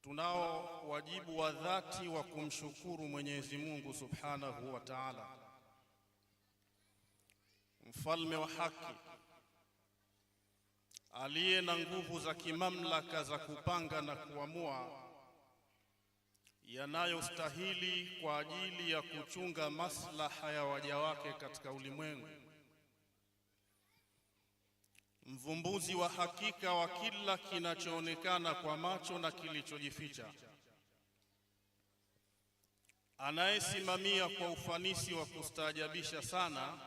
tunao wajibu wa dhati wa kumshukuru Mwenyezi Mungu Subhanahu wa Ta'ala, mfalme wa haki aliye na nguvu za kimamlaka za kupanga na kuamua yanayostahili kwa ajili ya kuchunga maslaha ya waja wake katika ulimwengu mvumbuzi wa hakika wa kila kinachoonekana kwa macho na kilichojificha, anayesimamia kwa ufanisi wa kustaajabisha sana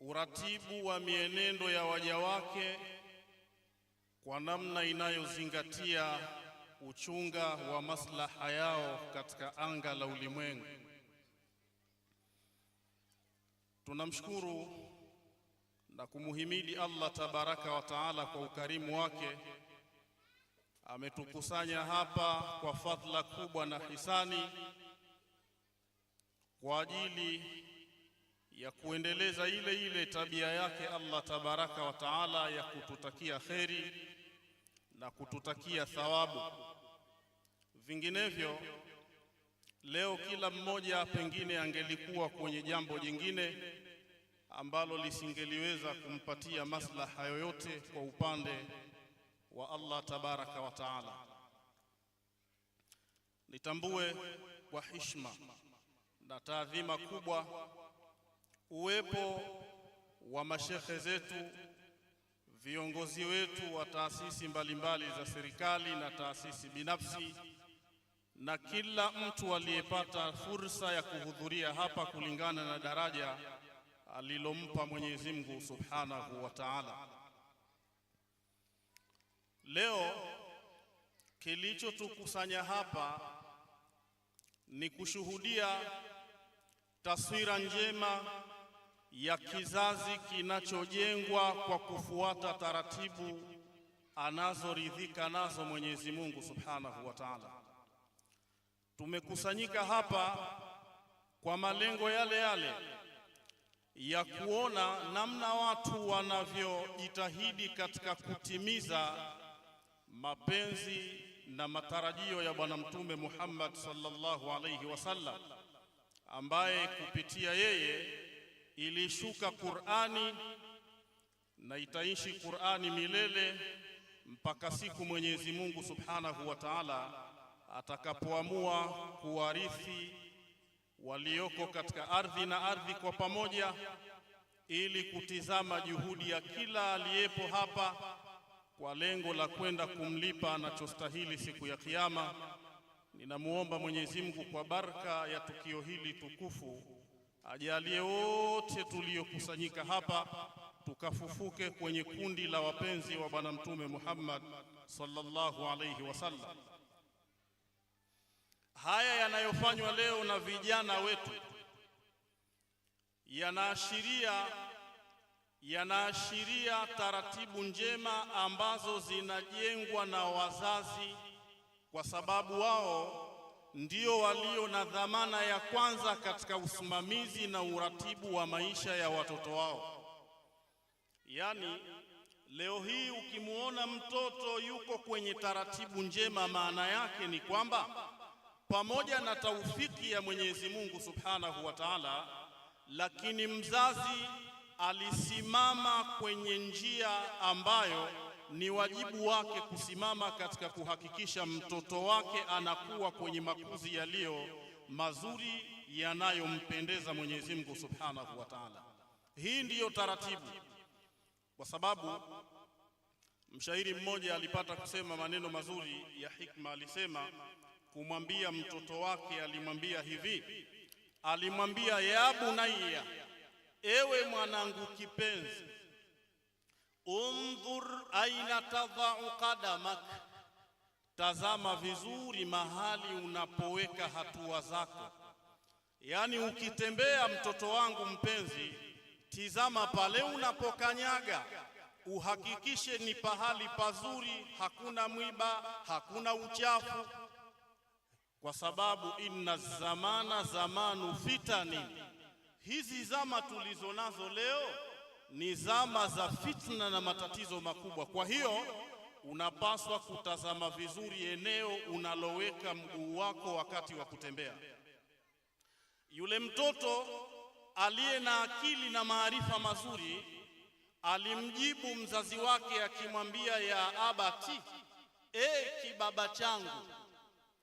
uratibu wa mienendo ya waja wake kwa namna inayozingatia uchunga wa maslaha yao katika anga la ulimwengu. Tunamshukuru na kumuhimidi Allah tabaraka wa taala kwa ukarimu wake, ametukusanya hapa kwa fadhila kubwa na hisani kwa ajili ya kuendeleza ile ile tabia yake Allah tabaraka wa taala ya kututakia kheri na kututakia thawabu. Vinginevyo leo kila mmoja pengine angelikuwa kwenye jambo jingine ambalo lisingeliweza kumpatia maslaha yoyote kwa upande wa Allah tabaraka wa taala. Nitambue kwa hishma na taadhima kubwa uwepo wa mashekhe zetu, viongozi wetu wa taasisi mbalimbali za serikali na taasisi binafsi na kila mtu aliyepata fursa ya kuhudhuria hapa kulingana na daraja alilompa Mwenyezi Mungu Subhanahu wa Ta'ala. Leo kilichotukusanya hapa ni kushuhudia taswira njema ya kizazi kinachojengwa kwa kufuata taratibu anazoridhika nazo Mwenyezi Mungu Subhanahu wa Ta'ala. Tumekusanyika hapa kwa malengo yale yale ya kuona namna watu wanavyojitahidi katika kutimiza mapenzi na matarajio ya Bwana Mtume Muhammad sallallahu alayhi wasallam, ambaye kupitia yeye ilishuka Qur'ani na itaishi Qur'ani milele mpaka siku Mwenyezi Mungu Subhanahu wa Ta'ala atakapoamua kuwarithi walioko katika ardhi na ardhi kwa pamoja, ili kutizama juhudi ya kila aliyepo hapa kwa lengo la kwenda kumlipa anachostahili siku ya Kiyama. Ninamwomba Mwenyezi Mungu kwa baraka ya tukio hili tukufu ajalie wote tuliokusanyika hapa tukafufuke kwenye kundi la wapenzi wa Bwana Mtume Muhammad sallallahu alayhi wasallam. Haya yanayofanywa leo na vijana wetu yanaashiria yanaashiria taratibu njema ambazo zinajengwa na wazazi, kwa sababu wao ndio walio na dhamana ya kwanza katika usimamizi na uratibu wa maisha ya watoto wao. Yaani leo hii ukimwona mtoto yuko kwenye taratibu njema, maana yake ni kwamba pamoja na taufiki ya Mwenyezi Mungu Subhanahu wa Ta'ala, lakini mzazi alisimama kwenye njia ambayo ni wajibu wake kusimama katika kuhakikisha mtoto wake anakuwa kwenye makuzi yaliyo mazuri yanayompendeza Mwenyezi Mungu Subhanahu wa Ta'ala. Hii ndiyo taratibu, kwa sababu mshairi mmoja alipata kusema maneno mazuri ya hikma, alisema kumwambia mtoto wake, alimwambia hivi, alimwambia ya bunayya, ewe mwanangu kipenzi, undhur aina tadhau qadamak, tazama vizuri mahali unapoweka hatua zako. Yaani ukitembea, mtoto wangu mpenzi, tizama pale unapokanyaga uhakikishe ni pahali pazuri, hakuna mwiba, hakuna uchafu kwa sababu inna zamana zamanu fitani, hizi zama tulizo nazo leo ni zama za fitna na matatizo makubwa. Kwa hiyo unapaswa kutazama vizuri eneo unaloweka mguu wako wakati wa kutembea. Yule mtoto aliye na akili na maarifa mazuri alimjibu mzazi wake akimwambia, ya, ya abati, e kibaba changu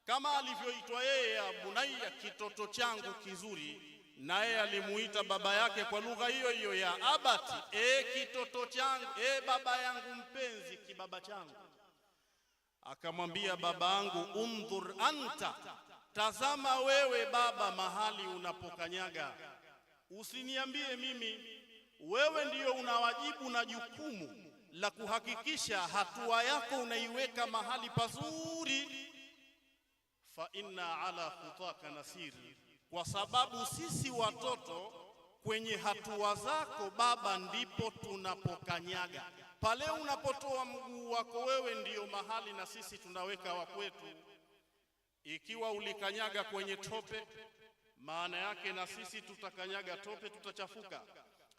kama alivyoitwa yeye bunaiya, kitoto changu kizuri, naye alimuita baba yake kwa lugha hiyo hiyo ya abati, e kitoto changu, e baba yangu mpenzi, kibaba changu. Akamwambia babangu, undhur anta, tazama wewe baba mahali unapokanyaga, usiniambie mimi wewe ndiyo una wajibu na jukumu la kuhakikisha hatua yako unaiweka mahali pazuri fa inna ala khutaka nasir, kwa sababu sisi watoto kwenye hatua zako baba ndipo tunapokanyaga. Pale unapotoa mguu wako wewe, ndiyo mahali na sisi tunaweka wa kwetu. Ikiwa ulikanyaga kwenye tope, maana yake na sisi tutakanyaga tope, tutachafuka.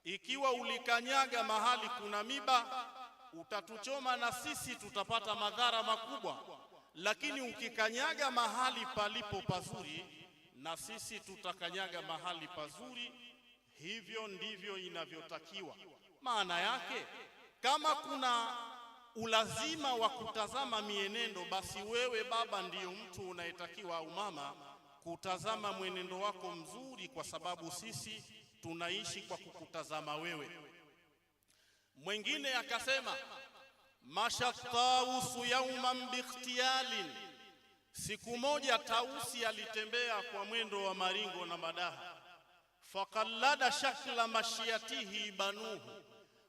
Ikiwa ulikanyaga mahali kuna miba, utatuchoma na sisi tutapata madhara makubwa lakini ukikanyaga mahali palipo pazuri, na sisi tutakanyaga mahali pazuri. Hivyo ndivyo inavyotakiwa. Maana yake kama kuna ulazima wa kutazama mienendo, basi wewe baba ndiyo mtu unayetakiwa au mama kutazama mwenendo wako mzuri, kwa sababu sisi tunaishi kwa kukutazama wewe. Mwingine akasema Masha tausu yauman biikhtialin, siku moja tausi alitembea kwa mwendo wa maringo na madaha. Fakallada shakla mashiatihi banuhu,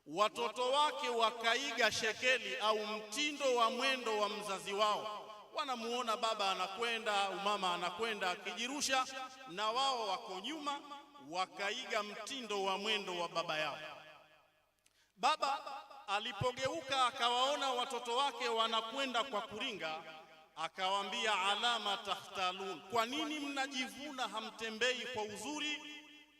watoto wake wakaiga shekeli au mtindo wa mwendo wa mzazi wao. Wanamuona baba anakwenda, umama anakwenda akijirusha, na wao wako nyuma, wakaiga mtindo wa mwendo wa baba yao baba Alipogeuka akawaona watoto wake wanakwenda kwa kuringa, akawaambia alama tahtalun, kwa nini mnajivuna hamtembei kwa uzuri?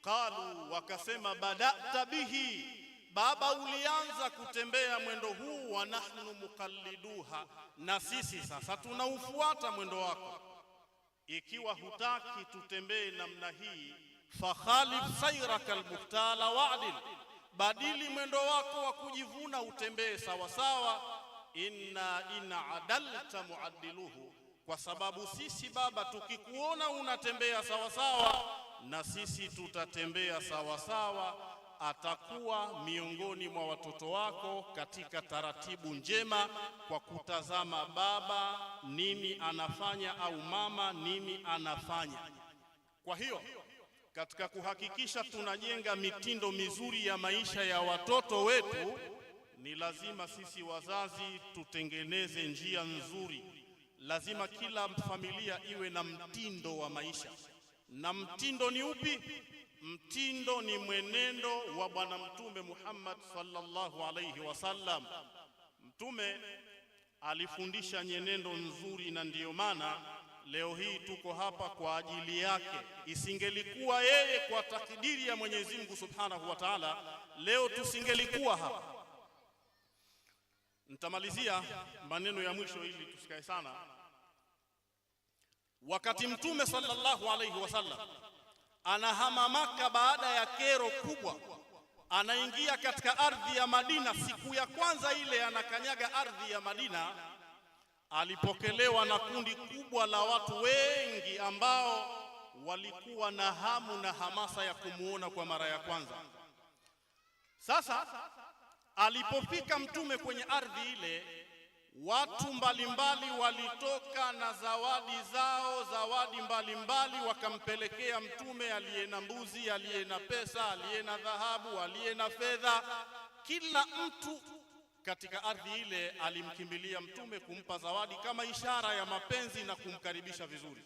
Qalu, wakasema badata bihi, baba ulianza kutembea mwendo huu, wa nahnu mukalliduha, na sisi sasa tunaufuata mwendo wako. Ikiwa hutaki tutembee namna hii, fakhalif sairaka almuhtala waadil badili mwendo wako wa kujivuna, utembee sawasawa. inna in adalta muadiluhu, kwa sababu sisi Baba tukikuona unatembea sawasawa na sisi tutatembea sawasawa. Atakuwa miongoni mwa watoto wako katika taratibu njema, kwa kutazama baba nini anafanya au mama nini anafanya. Kwa hiyo katika kuhakikisha tunajenga mitindo mizuri ya maisha ya watoto wetu, ni lazima sisi wazazi tutengeneze njia nzuri. Lazima kila familia iwe na mtindo wa maisha. Na mtindo ni upi? Mtindo ni mwenendo wa Bwana Mtume Muhammad sallallahu alayhi wasallam. Mtume alifundisha nyenendo nzuri, na ndiyo maana leo hii tuko hapa kwa ajili yake. Isingelikuwa yeye kwa takdiri ya Mwenyezi Mungu Subhanahu wa Ta'ala, leo tusingelikuwa hapa. Nitamalizia maneno ya mwisho ili tusikae sana. Wakati Mtume sallallahu alaihi wasallam anahama Maka baada ya kero kubwa, anaingia katika ardhi ya Madina. Siku ya kwanza ile anakanyaga ardhi ya Madina alipokelewa na kundi kubwa la watu wengi ambao walikuwa na hamu na hamasa ya kumuona kwa mara ya kwanza. Sasa alipofika mtume kwenye ardhi ile, watu mbalimbali mbali walitoka na zawadi zao, zawadi mbalimbali mbali wakampelekea mtume, aliye na mbuzi, aliye na pesa, aliye na dhahabu, aliye na fedha, kila mtu katika ardhi ile alimkimbilia Mtume kumpa zawadi kama ishara ya mapenzi na kumkaribisha vizuri.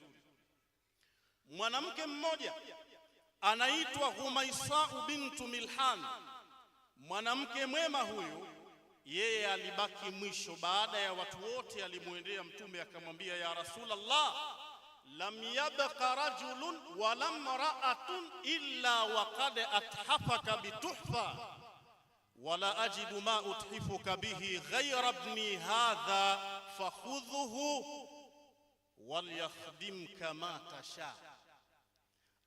Mwanamke mmoja anaitwa Humaisau bintu Milhan, mwanamke mwema huyu, yeye alibaki mwisho. Baada ya watu wote, alimwendea Mtume akamwambia, ya Rasulullah, lam yabqa rajulun wala mraatun illa waqad athafaka bituhfa wala ajidu ma uthifuka bihi ghaira ibni hadha fakhudhuhu walyakhdimka ma tasha.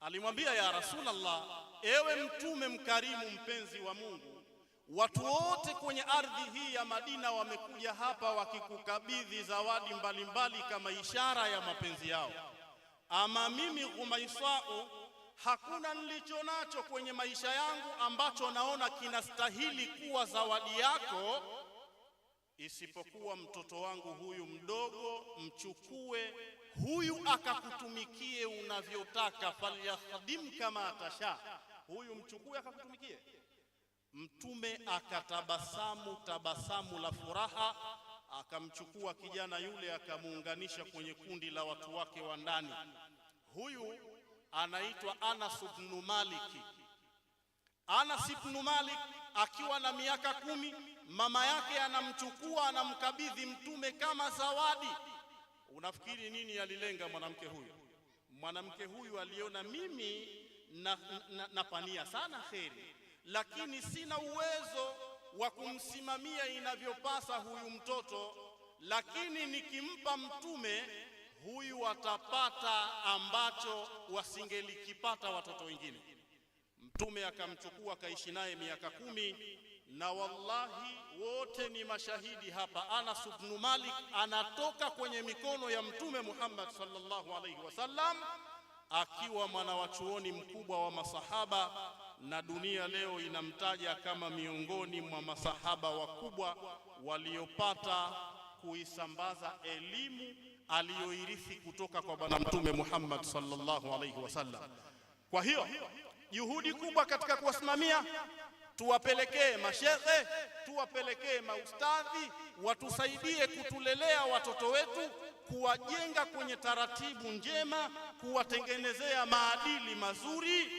Alimwambia, ya Rasulullah, ewe mtume mkarimu, mpenzi wa Mungu, watu wote kwenye ardhi hii ya Madina wamekuja hapa wakikukabidhi zawadi mbalimbali mbali kama ishara ya mapenzi yao, ama mimi Ghumaisau hakuna nilicho nacho kwenye maisha yangu ambacho naona kinastahili kuwa zawadi yako isipokuwa mtoto wangu huyu mdogo, mchukue huyu akakutumikie unavyotaka. Falyakhdim kama atasha huyu mchukue akakutumikie. Mtume akatabasamu tabasamu la furaha, akamchukua kijana yule akamuunganisha kwenye kundi la watu wake wa ndani. Huyu anaitwa Anas ibn Malik. Anas ibn Malik akiwa na miaka kumi, mama yake anamchukua anamkabidhi Mtume kama zawadi. Unafikiri nini alilenga mwanamke huyu? Mwanamke huyu aliona mimi na, na, na sana kheri, lakini sina uwezo wa kumsimamia inavyopasa huyu mtoto, lakini nikimpa Mtume huyu atapata ambacho wasingelikipata watoto wengine. Mtume akamchukua akaishi naye miaka kumi, na wallahi wote ni mashahidi hapa. Anas ibn Malik anatoka kwenye mikono ya Mtume Muhammad sallallahu alaihi wasallam akiwa mwanawachuoni mkubwa wa masahaba na dunia leo inamtaja kama miongoni mwa masahaba wakubwa waliopata kuisambaza elimu aliyoirithi kutoka kwa Bwana Mtume Muhammad sallallahu alaihi wasallam. Kwa hiyo juhudi kubwa katika kuwasimamia, tuwapelekee mashehe, tuwapelekee maustadhi, watusaidie kutulelea watoto wetu, kuwajenga kwenye taratibu njema, kuwatengenezea maadili mazuri,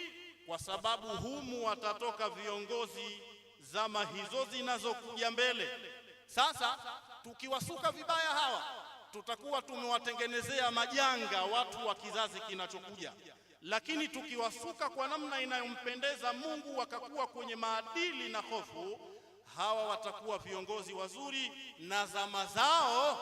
kwa sababu humu watatoka viongozi zama hizo zinazokuja mbele. Sasa tukiwasuka vibaya hawa tutakuwa tumewatengenezea majanga watu wa kizazi kinachokuja. Lakini tukiwasuka kwa namna inayompendeza Mungu, wakakuwa kwenye maadili na hofu, hawa watakuwa viongozi wazuri na zama zao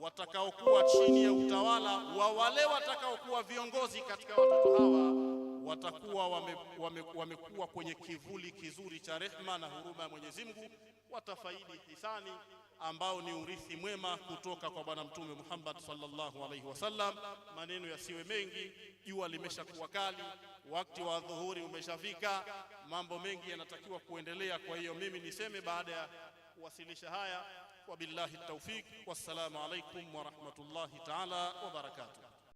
watakaokuwa chini ya utawala wa wale watakaokuwa viongozi katika watoto hawa watakuwa wamekuwa wame, wame kwenye kivuli kizuri cha rehma na huruma ya Mwenyezi Mungu, watafaidi hisani ambao ni urithi mwema kutoka kwa Bwana Mtume Muhammad sallallahu alaihi wasallam. Maneno yasiwe mengi, jua limeshakuwa kali, wakati wa dhuhuri umeshafika, mambo mengi yanatakiwa kuendelea. Kwa hiyo mimi niseme baada ya kuwasilisha haya, wabillahi tawfik, wassalamu alaikum wa rahmatullahi taala wa barakatuh.